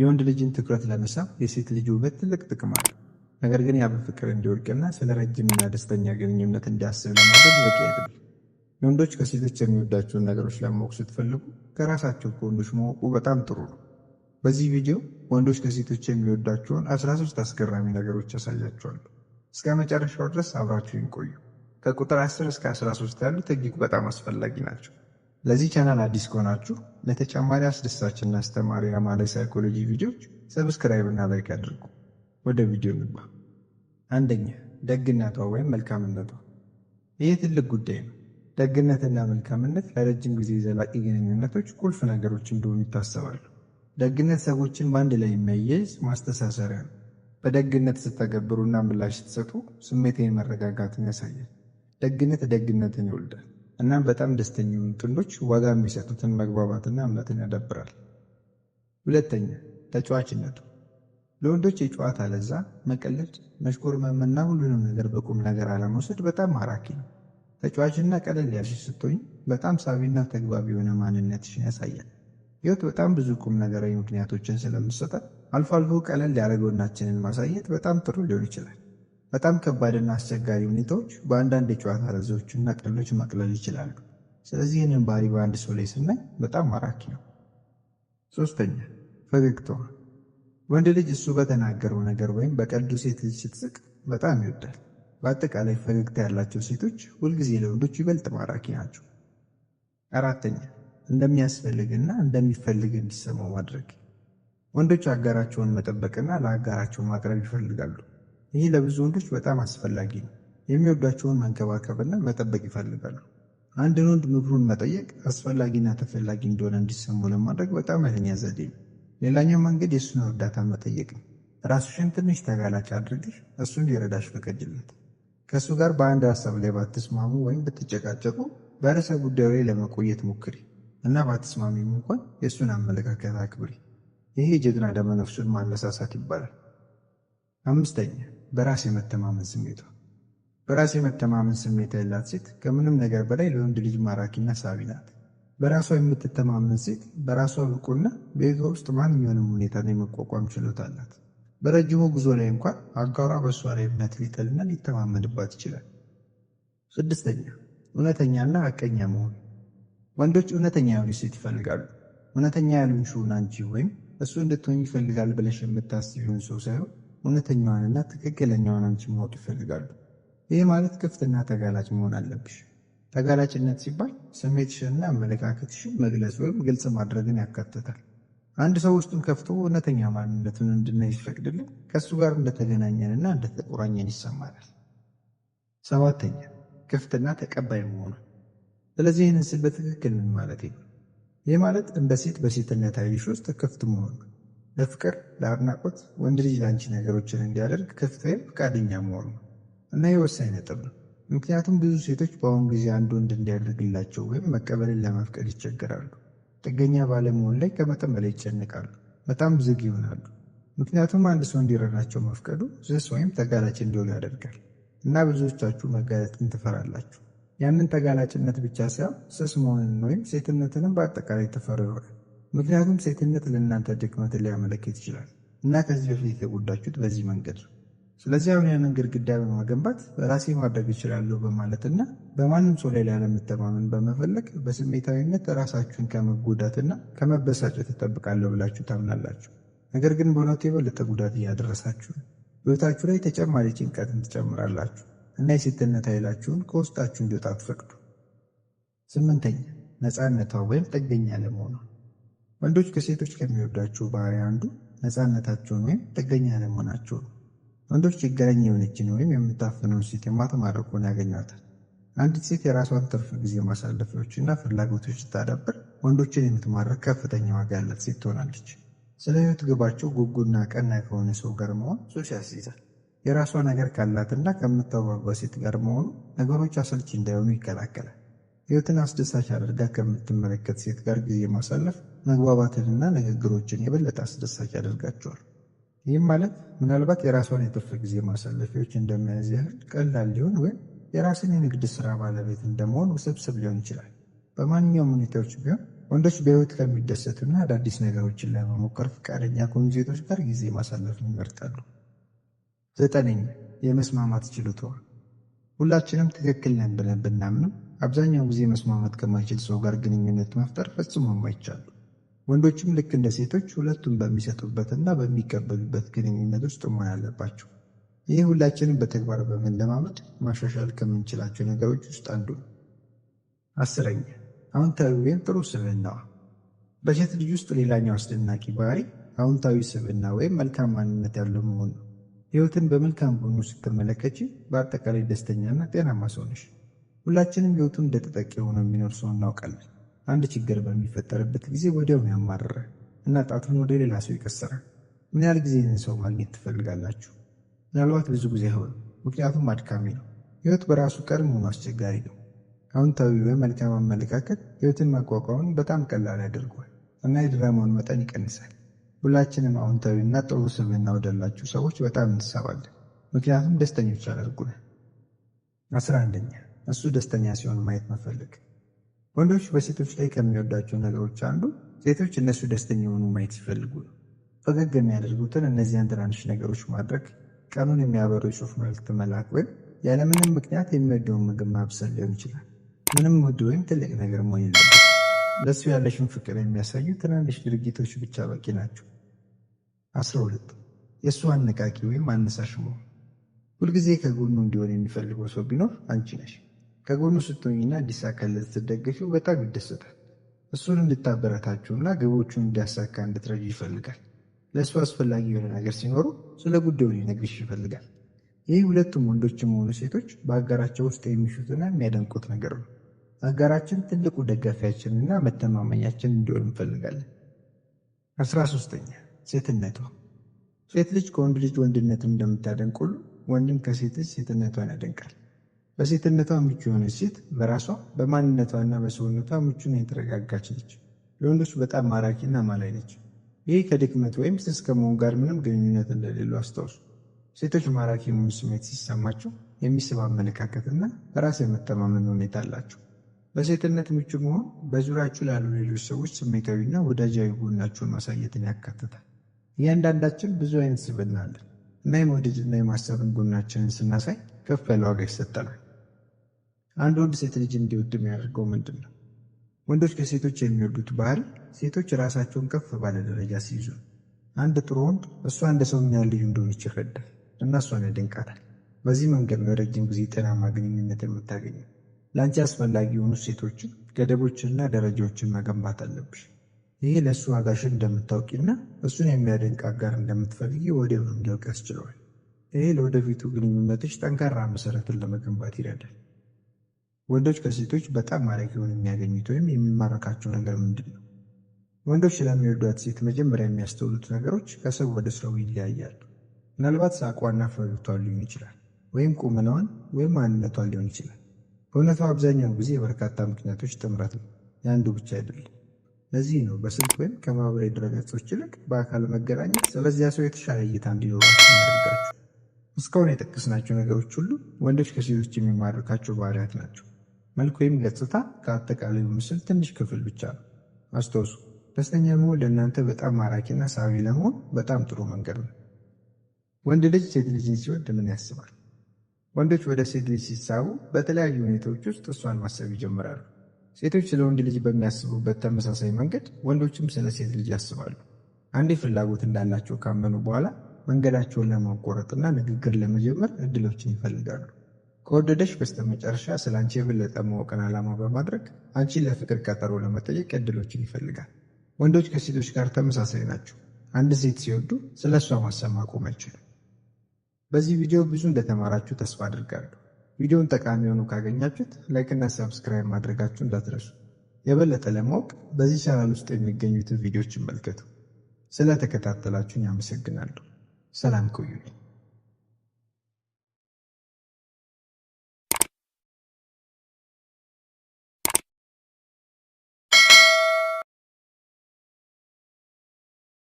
የወንድ ልጅን ትኩረት ለመሳብ የሴት ልጅ ውበት ትልቅ ጥቅም አለው። ነገር ግን ያ በፍቅር እንዲወድቅና ስለ ረጅምና ደስተኛ ግንኙነት እንዲያስብ ለማድረግ በቂ አይደለም። ወንዶች ከሴቶች የሚወዳቸውን ነገሮች ለማወቅ ስትፈልጉ ከራሳቸው ከወንዶች ማወቁ በጣም ጥሩ ነው። በዚህ ቪዲዮ ወንዶች ከሴቶች የሚወዷቸውን 13 አስገራሚ ነገሮች ያሳያቸዋሉ። እስከ መጨረሻው ድረስ አብራችሁ ቆዩ። ከቁጥር 10 እስከ 13 ያሉት እጅግ በጣም አስፈላጊ ናቸው። ለዚህ ቻናል አዲስ ከሆናችሁ ለተጨማሪ አስደሳችና አስተማሪ የአማላይ ሳይኮሎጂ ቪዲዮዎች ሰብስክራይብ እና ላይክ አድርጉ። ወደ ቪዲዮ ንባ። አንደኛ ደግነቷ ወይም መልካምነቷ። ይህ ትልቅ ጉዳይ ነው። ደግነትና መልካምነት ለረጅም ጊዜ ዘላቂ ግንኙነቶች ቁልፍ ነገሮች እንደሆኑ ይታሰባሉ። ደግነት ሰዎችን በአንድ ላይ የሚያየዝ ማስተሳሰሪያ ነው። በደግነት ስተገብሩና ምላሽ ስትሰጡ ስሜትን መረጋጋትን ያሳያል። ደግነት ደግነትን ይወልዳል። እናም በጣም ደስተኛ የሆኑ ጥንዶች ዋጋ የሚሰጡትን መግባባትና እምነትን ያዳብራል። ሁለተኛ ተጫዋችነቱ ለወንዶች የጨዋታ ለዛ መቀለድ፣ መሽኮርመምና ሁሉንም ነገር በቁም ነገር አለመውሰድ በጣም ማራኪ ነው። ተጫዋችና ቀለል ያለች ስትሆኝ በጣም ሳቢና ተግባቢ የሆነ ማንነትሽን ያሳያል። ሕይወት በጣም ብዙ ቁም ነገራዊ ምክንያቶችን ስለምሰጠ አልፎ አልፎ ቀለል ያደረገውናችንን ማሳየት በጣም ጥሩ ሊሆን ይችላል። በጣም ከባድና አስቸጋሪ ሁኔታዎች በአንዳንድ የጨዋታ ረዞች እና ቀሎች መቅለል ይችላሉ። ስለዚህ ይህንን ባህሪ በአንድ ሰው ላይ ስናይ በጣም ማራኪ ነው። ሶስተኛ ፈገግታዋ። ወንድ ልጅ እሱ በተናገረው ነገር ወይም በቀልዱ ሴት ልጅ ስትስቅ በጣም ይወዳል። በአጠቃላይ ፈገግታ ያላቸው ሴቶች ሁልጊዜ ለወንዶች ይበልጥ ማራኪ ናቸው። አራተኛ እንደሚያስፈልግና እንደሚፈልግ እንዲሰማው ማድረግ። ወንዶች አጋራቸውን መጠበቅና ለአጋራቸው ማቅረብ ይፈልጋሉ። ይህ ለብዙ ወንዶች በጣም አስፈላጊ ነው። የሚወዷቸውን መንከባከብና መጠበቅ ይፈልጋሉ። አንድን ወንድ ምክሩን መጠየቅ አስፈላጊና ተፈላጊ እንደሆነ እንዲሰሙ ለማድረግ በጣም ኃይለኛ ዘዴ ነው። ሌላኛው መንገድ የእሱን እርዳታ መጠየቅ ነው። ራስሽን ትንሽ ተጋላጭ አድርግሽ እሱን ሊረዳሽ ፈቀጅለት። ከእሱ ጋር በአንድ ሀሳብ ላይ ባትስማሙ ወይም ብትጨቃጨቁ በርዕሰ ጉዳዩ ላይ ለመቆየት ሞክሪ እና ባትስማሚም እንኳን የእሱን አመለካከት አክብሪ። ይሄ የጀግና ደመነፍሱን ማነሳሳት ይባላል። አምስተኛ በራስ የመተማመን ስሜቷ በራስ የመተማመን ስሜት ያላት ሴት ከምንም ነገር በላይ ለወንድ ልጅ ማራኪና ሳቢ ናት። በራሷ የምትተማመን ሴት በራሷ ብቁና በሕይወቷ ውስጥ ማንኛውንም ሁኔታን የመቋቋም ችሎታ አላት። በረጅሙ ጉዞ ላይ እንኳን አጋሯ በእሷ ላይ እምነት ሊጥልና ሊተማመንባት ይችላል። ስድስተኛ እውነተኛና ሐቀኛ መሆን። ወንዶች እውነተኛ የሆነች ሴት ይፈልጋሉ። እውነተኛ ያልሆንሽውን አንቺ ወይም እሱ እንድትሆኝ ይፈልጋል ብለሽ የምታስቢውን ሰው ሳይሆን እውነተኛዋንና ትክክለኛዋን አንቺ ማወቅ ይፈልጋሉ። ይህ ማለት ክፍትና ተጋላጭ መሆን አለብሽ። ተጋላጭነት ሲባል ስሜትሽንና አመለካከትሽን መግለጽ ወይም ግልጽ ማድረግን ያካትታል። አንድ ሰው ውስጡን ከፍቶ እውነተኛ ማንነቱን እንድናይ ይፈቅድልን ከእሱ ጋር እንደተገናኘንና እንደተቆራኘን ይሰማናል። ሰባተኛ ክፍትና ተቀባይ መሆኑ። ስለዚህ ይህንን ስል በትክክል ምን ማለት ነው? ይህ ማለት እንደ ሴት በሴትነት አይሽ ውስጥ ክፍት መሆኑ ለፍቅር ለአድናቆት ወንድ ልጅ ለአንቺ ነገሮችን እንዲያደርግ ወይም ፈቃደኛ መሆን ነው እና ይህ ወሳኝ ነጥብ ነው። ምክንያቱም ብዙ ሴቶች በአሁኑ ጊዜ አንድ ወንድ እንዲያደርግላቸው ወይም መቀበልን ለመፍቀድ ይቸገራሉ። ጥገኛ ባለመሆን ላይ ከመጠን በላይ ይጨንቃሉ፣ በጣም ዝግ ይሆናሉ። ምክንያቱም አንድ ሰው እንዲረዳቸው መፍቀዱ ዝስ ወይም ተጋላጭ እንዲሆኑ ያደርጋል እና ብዙዎቻችሁ መጋለጥን ትፈራላችሁ። ያንን ተጋላጭነት ብቻ ሳይሆን ስስ መሆንን ወይም ሴትነትንም በአጠቃላይ ትፈሩ ይሆናል። ምክንያቱም ሴትነት ለእናንተ ድክመትን ሊያመለክት ይችላል እና ከዚህ በፊት የተጎዳችሁት በዚህ መንገድ ነው። ስለዚህ አሁን ያንን ግድግዳ በማገንባት በራሴ ማድረግ እችላለሁ በማለትና በማንም ሰው ላይ ላለመተማመን በመፈለግ በስሜታዊነት ራሳችሁን ከመጎዳትና ከመበሳጨት እጠብቃለሁ ብላችሁ ታምናላችሁ። ነገር ግን በእውነቱ የበለጠ ጉዳት እያደረሳችሁ ነው። ላይ ተጨማሪ ጭንቀትን ትጨምራላችሁ እና የሴትነት ኃይላችሁን ከውስጣችሁ እንዲወጣ አትፈቅዱ። ስምንተኛ ነፃነቷ ወይም ጥገኛ ለመሆኗ ወንዶች ከሴቶች ከሚወዷቸው ባህሪ አንዱ ነፃነታቸውን ወይም ጥገኛ አለመሆናቸው ነው። ወንዶች ችግረኛ የሆነችን ወይም የምታፍነውን ሴት የማተማረቁን ያገኛታል። አንዲት ሴት የራሷን ትርፍ ጊዜ ማሳለፊያዎችና ፍላጎቶች ስታዳብር ወንዶችን የምትማርክ ከፍተኛ ዋጋ ያላት ሴት ትሆናለች። ስለ ህይወት ግባቸው ጉጉና ቀና ከሆነ ሰው ጋር መሆን ሱስ ያስይዛል። የራሷ ነገር ካላትና ከምታጓጓ ሴት ጋር መሆኑ ነገሮች አሰልቺ እንዳይሆኑ ይከላከላል። ሕይወትን አስደሳች አድርጋ ከምትመለከት ሴት ጋር ጊዜ ማሳለፍ መግባባትንና ንግግሮችን የበለጠ አስደሳች ያደርጋቸዋል። ይህም ማለት ምናልባት የራሷን የትርፍ ጊዜ ማሳለፊያዎች እንደመያዝ ያህል ቀላል ሊሆን ወይም የራስን የንግድ ሥራ ባለቤት እንደመሆን ውስብስብ ሊሆን ይችላል። በማንኛውም ሁኔታዎች ቢሆን ወንዶች በሕይወት ከሚደሰቱና አዳዲስ ነገሮችን ለመሞከር ፈቃደኛ ከሆኑ ሴቶች ጋር ጊዜ ማሳለፍ ይመርጣሉ። ዘጠነኛ የመስማማት ችሎታዋ። ሁላችንም ትክክል ነን ብለን ብናምንም አብዛኛውን ጊዜ መስማማት ከማይችል ሰው ጋር ግንኙነት መፍጠር ፈጽሞ የማይቻሉ። ወንዶችም ልክ እንደ ሴቶች ሁለቱም በሚሰጡበትና በሚቀበሉበት ግንኙነት ውስጥ መሆን አለባቸው። ይህ ሁላችንም በተግባር በመለማመድ ማሻሻል ከምንችላቸው ነገሮች ውስጥ አንዱ ነው። አስረኛ አዎንታዊ ወይም ጥሩ ስብዕናዋ በሴት ልጅ ውስጥ ሌላኛው አስደናቂ ባህሪ አዎንታዊ ስብዕና ወይም መልካም ማንነት ያለው መሆን ነው። ሕይወትን በመልካም ጎኑ ስትመለከች በአጠቃላይ ደስተኛና ጤናማ ሰው ነሽ። ሁላችንም እንደ ተጠቂ ሆኖ የሚኖር ሰው እናውቃለን። አንድ ችግር በሚፈጠርበት ጊዜ ወዲያው ያማረረ እና ጣቱን ወደ ሌላ ሰው ይቀስራል። ምን ያህል ጊዜ ይህን ሰው ማግኘት ትፈልጋላችሁ? ምናልባት ብዙ ጊዜ አይሆን፣ ምክንያቱም አድካሚ ነው። ህይወት በራሱ ቀር መሆኑ አስቸጋሪ ነው። አዎንታዊ ወይም መልካም አመለካከት ህይወትን መቋቋምን በጣም ቀላል ያደርገዋል እና የድራማውን መጠን ይቀንሳል። ሁላችንም አዎንታዊና ጥሩ ስብዕና ወዳላችሁ ሰዎች በጣም እንሳባለን፣ ምክንያቱም ደስተኞች ያደርጉናል። አስራ አንደኛ እሱ ደስተኛ ሲሆን ማየት መፈለግ። ወንዶች በሴቶች ላይ ከሚወዳቸው ነገሮች አንዱ ሴቶች እነሱ ደስተኛ የሆኑ ማየት ሲፈልጉ ነው። ፈገግ የሚያደርጉትን እነዚያን ትናንሽ ነገሮች ማድረግ፣ ቀኑን የሚያበሩ የጽሑፍ መልዕክት መላክ ወይም ያለምንም ምክንያት የሚወደውን ምግብ ማብሰል ሊሆን ይችላል። ምንም ውድ ወይም ትልቅ ነገር መሆን የለበት። ለሱ ያለሽን ፍቅር የሚያሳዩ ትናንሽ ድርጊቶች ብቻ በቂ ናቸው። አስራ ሁለት የእሱ አነቃቂ ወይም አነሳሽ መሆን። ሁልጊዜ ከጎኑ እንዲሆን የሚፈልገው ሰው ቢኖር አንቺ ነሽ። ከጎኑ ስትሆኝና እንዲሳካለት ስትደገፊው በጣም ይደሰታል። እሱን እንድታበረታችሁና ግቦቹን እንዲያሳካ እንድትረጅ ይፈልጋል። ለእሱ አስፈላጊ የሆነ ነገር ሲኖሩ ስለ ጉዳዩ ሊነግርሽ ይፈልጋል። ይህ ሁለቱም ወንዶችም ሆኑ ሴቶች በአጋራቸው ውስጥ የሚሹትና የሚያደንቁት ነገር ነው። አጋራችን ትልቁ ደጋፊያችንና መተማመኛችን እንዲሆን እንፈልጋለን። አስራ ሶስተኛ ሴትነቷ ሴት ልጅ ከወንድ ልጅ ወንድነትን እንደምታደንቅ ሁሉ ወንድም ከሴት ልጅ ሴትነቷን ያደንቃል። በሴትነቷ ምቹ የሆነች ሴት በራሷ በማንነቷና በሰውነቷ ምቹና የተረጋጋች ነች። ለወንዶች በጣም ማራኪና ማላይ ነች። ይህ ከድክመት ወይም ስስ ከመሆን ጋር ምንም ግንኙነት እንደሌለው አስታውሱ። ሴቶች ማራኪ የሆኑ ስሜት ሲሰማቸው የሚስብ አመለካከትና በራስ የመተማመን ሁኔታ አላቸው። በሴትነት ምቹ መሆን በዙሪያችሁ ላሉ ሌሎች ሰዎች ስሜታዊና ወዳጃዊ ጎናችሁን ማሳየትን ያካትታል። እያንዳንዳችን ብዙ አይነት ስብዕና አለን እና የመውደድና የማሰብን ጎናችንን ስናሳይ ከፍ ያለ ዋጋ ይሰጠናል። አንድ ወንድ ሴት ልጅ እንዲወድ የሚያደርገው ምንድን ነው? ወንዶች ከሴቶች የሚወዱት ባህል ሴቶች ራሳቸውን ከፍ ባለ ደረጃ ሲይዙ፣ አንድ ጥሩ ወንድ እሷ እንደ ሰው ምን ያህል ልዩ እንደሆነች ይረዳል እና እሷን ያደንቃታል። በዚህ መንገድ ነው ረጅም ጊዜ ጤናማ ግንኙነት የምታገኘው። ለአንቺ አስፈላጊ የሆኑ ሴቶችን፣ ገደቦችንና ደረጃዎችን መገንባት አለብሽ። ይሄ ለእሱ ዋጋሽን እንደምታውቂና እሱን የሚያደንቅ አጋር እንደምትፈልጊ ወዲያው እንዲያውቅ ያስችለዋል። ይሄ ለወደፊቱ ግንኙነቶች ጠንካራ መሰረትን ለመገንባት ይረዳል። ወንዶች ከሴቶች በጣም ማራኪውን የሚያገኙት ወይም የሚማረካቸው ነገር ምንድን ነው? ወንዶች ስለሚወዷት ሴት መጀመሪያ የሚያስተውሉት ነገሮች ከሰው ወደ ሰው ይለያያሉ። ምናልባት ሳቋና ፈገግቷን ሊሆን ይችላል፣ ወይም ቁመናዋን ወይም ማንነቷን ሊሆን ይችላል። በእውነቱ አብዛኛው ጊዜ የበርካታ ምክንያቶች ጥምረት ነው፣ የአንዱ ብቻ አይደለም። ለዚህ ነው በስልክ ወይም ከማህበራዊ ድረገጾች ይልቅ በአካል መገናኘት ስለዚያ ሰው የተሻለ እይታ እንዲኖራቸው ያደርጋችሁ። እስካሁን የጠቀስናቸው ነገሮች ሁሉ ወንዶች ከሴቶች የሚማርካቸው ባህሪያት ናቸው። መልክ ወይም ገጽታ ከአጠቃላይ ምስል ትንሽ ክፍል ብቻ ነው። አስታውሱ፣ ደስተኛ መሆን ለእናንተ በጣም ማራኪና ሳቢ ለመሆን በጣም ጥሩ መንገድ ነው። ወንድ ልጅ ሴት ልጅን ሲወድ ምን ያስባል? ወንዶች ወደ ሴት ልጅ ሲሳቡ በተለያዩ ሁኔታዎች ውስጥ እሷን ማሰብ ይጀምራሉ። ሴቶች ስለ ወንድ ልጅ በሚያስቡበት ተመሳሳይ መንገድ ወንዶችም ስለ ሴት ልጅ ያስባሉ። አንዴ ፍላጎት እንዳላቸው ካመኑ በኋላ መንገዳቸውን ለማቋረጥና ንግግር ለመጀመር እድሎችን ይፈልጋሉ። ከወደደሽ በስተመጨረሻ ስለ አንቺ የበለጠ ማወቅን ዓላማ በማድረግ አንቺን ለፍቅር ቀጠሮ ለመጠየቅ እድሎችን ይፈልጋል። ወንዶች ከሴቶች ጋር ተመሳሳይ ናቸው። አንድ ሴት ሲወዱ ስለ እሷ ማሰብ ማቆም አይችሉም። በዚህ ቪዲዮ ብዙ እንደተማራችሁ ተስፋ አድርጋለሁ። ቪዲዮውን ጠቃሚ ሆኖ ካገኛችሁት ላይክና ሰብስክራይብ ማድረጋችሁ እንዳትረሱ። የበለጠ ለማወቅ በዚህ ቻናል ውስጥ የሚገኙትን ቪዲዮዎች ይመልከቱ። ስለተከታተላችሁን ያመሰግናለሁ። ሰላም ቆዩልኝ።